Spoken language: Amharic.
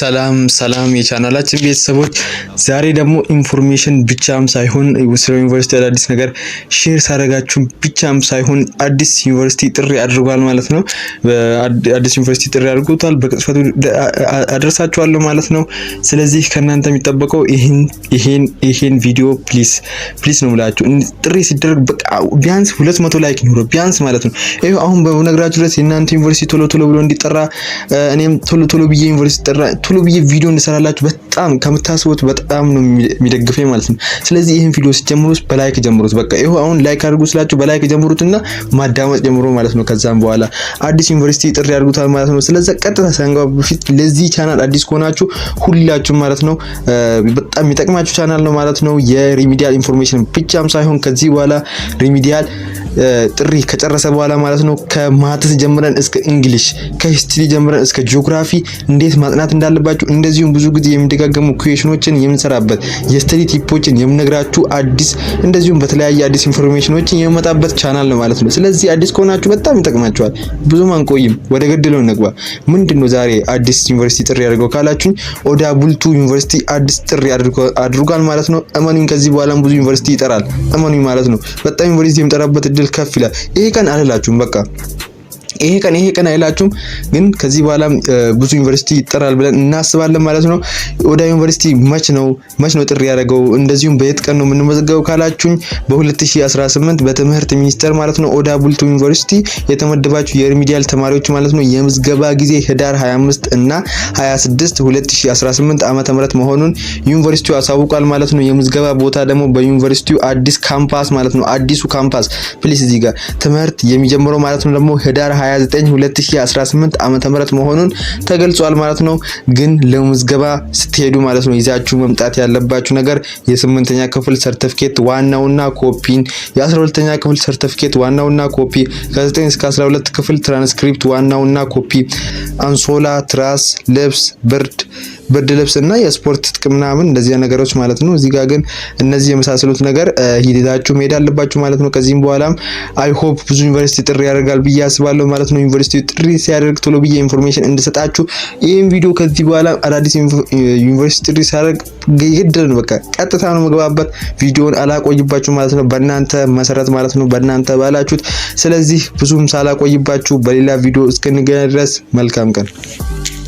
ሰላም ሰላም የቻናላችን ቤተሰቦች፣ ዛሬ ደግሞ ኢንፎርሜሽን ብቻም ሳይሆን ስለ ዩኒቨርሲቲ አዳዲስ ነገር ሼር ሳደረጋችሁን ብቻም ሳይሆን አዲስ ዩኒቨርሲቲ ጥሪ አድርጓል ማለት ነው። አዲስ ዩኒቨርሲቲ ጥሪ አድርጎታል፣ በቅጽበቱ አደርሳችኋለሁ ማለት ነው። ስለዚህ ከእናንተ የሚጠበቀው ይሄን ይሄን ቪዲዮ ፕሊስ ፕሊስ ነው ምላችሁ ጥሪ ሲደረግ በቃ ቢያንስ ሁለት መቶ ላይክ ይኑረው ቢያንስ ማለት ነው። ይህ አሁን በነገራችሁ ድረስ የእናንተ ዩኒቨርሲቲ ቶሎ ቶሎ ብሎ እንዲጠራ እኔም ቶሎ ቶሎ ብዬ ዩኒቨርሲቲ ጠራ ቶሎ ብዬ ቪዲዮ እንሰራላችሁ። በጣም ከምታስቡት በጣም ነው የሚደግፈኝ ማለት ነው። ስለዚህ ይህን ቪዲዮ ስትጀምሩት በላይክ ጀምሩት። በቃ ይኸው አሁን ላይክ አድርጉ ስላችሁ በላይክ ጀምሩት እና ማዳመጥ ጀምሩ ማለት ነው። ከዛም በኋላ አዲስ ዩኒቨርሲቲ ጥሪ አድርጉታል ማለት ነው። ስለዚ ቀጥታ ሳንገባ በፊት ለዚህ ቻናል አዲስ ከሆናችሁ ሁላችሁም ማለት ነው በጣም የሚጠቅማችሁ ቻናል ነው ማለት ነው። የሪሚዲያል ኢንፎርሜሽን ብቻም ሳይሆን ከዚህ በኋላ ሪሚዲያል ጥሪ ከጨረሰ በኋላ ማለት ነው ከማትስ ጀምረን እስከ እንግሊሽ ከሂስትሪ ጀምረን እስከ ጂኦግራፊ እንዴት ማጥናት እንዳለ ያለባችሁ እንደዚሁም ብዙ ጊዜ የሚደጋገሙ ኩዌሽኖችን የምንሰራበት የስተዲ ቲፖችን የምነግራችሁ አዲስ እንደዚሁም በተለያየ አዲስ ኢንፎርሜሽኖችን የመጣበት ቻናል ነው ማለት ነው። ስለዚህ አዲስ ከሆናችሁ በጣም ይጠቅማችኋል። ብዙም አንቆይም፣ ወደ ገድለው እንግባ። ነው ዛሬ አዲስ ዩኒቨርሲቲ ጥሪ አድርገው ካላችሁኝ ኦዳ ቡልቱ ዩኒቨርሲቲ አዲስ ጥሪ አድርጓል ማለት ነው። እመኑኝ ከዚህ በኋላም ብዙ ዩኒቨርሲቲ ይጠራል፣ እመኑኝ ማለት ነው። በጣም ዩኒቨርሲቲ የሚጠራበት እድል ከፍ ይላል። ይሄ ቀን አልላችሁም በቃ ይሄ ቀን ይሄ ቀን አይላችሁም፣ ግን ከዚህ በኋላ ብዙ ዩኒቨርሲቲ ይጠራል ብለን እናስባለን ማለት ነው። ወደ ዩኒቨርሲቲ መች ነው መች ነው ጥሪ ያደረገው እንደዚሁም በየት ቀን ነው የምንመዘገበው ካላችሁኝ በ2018 በትምህርት ሚኒስቴር ማለት ነው ኦዳ ቡልቱ ዩኒቨርሲቲ የተመደባችሁ የሪሚዲያል ተማሪዎች ማለት ነው የምዝገባ ጊዜ ህዳር 25 እና 26 2018 ዓ ም መሆኑን ዩኒቨርሲቲው አሳውቋል ማለት ነው። የምዝገባ ቦታ ደግሞ በዩኒቨርሲቲው አዲስ ካምፓስ ማለት ነው አዲሱ ካምፓስ ፕሊስ እዚህ ጋር ትምህርት የሚጀምረው ማለት ነው ደግሞ ህዳር 29 2018 ዓ ም መሆኑን ተገልጿል ማለት ነው። ግን ለምዝገባ ስትሄዱ ማለት ነው ይዛችሁ መምጣት ያለባችሁ ነገር የስምንተኛ ክፍል ሰርተፍኬት ዋናውና ኮፒን፣ የ12ተኛ ክፍል ሰርተፍኬት ዋናውና ኮፒ፣ ከ9 እስከ 12 ክፍል ትራንስክሪፕት ዋናውና ኮፒ፣ አንሶላ፣ ትራስ፣ ልብስ፣ ብርድ ብርድ ልብስና የስፖርት ትጥቅ ምናምን እንደዚህ ነገሮች ማለት ነው። እዚህ ጋር ግን እነዚህ የመሳሰሉት ነገር ሂደታችሁ መሄድ አለባችሁ ማለት ነው። ከዚህም በኋላም አይ ሆፕ ብዙ ዩኒቨርሲቲ ጥሪ ያደርጋል ብዬ አስባለሁ ማለት ነው። ዩኒቨርሲቲ ጥሪ ሲያደርግ ቶሎ ብዬ ኢንፎርሜሽን እንድሰጣችሁ ይህም ቪዲዮ ከዚህ በኋላ አዳዲስ ዩኒቨርሲቲ ጥሪ ሲያደርግ ግድን በቃ ቀጥታ ነው መግባባት። ቪዲዮን አላቆይባችሁ ማለት ነው፣ በእናንተ መሰረት ማለት ነው፣ በእናንተ ባላችሁት። ስለዚህ ብዙም ሳላቆይባችሁ በሌላ ቪዲዮ እስክንገናኝ ድረስ መልካም ቀን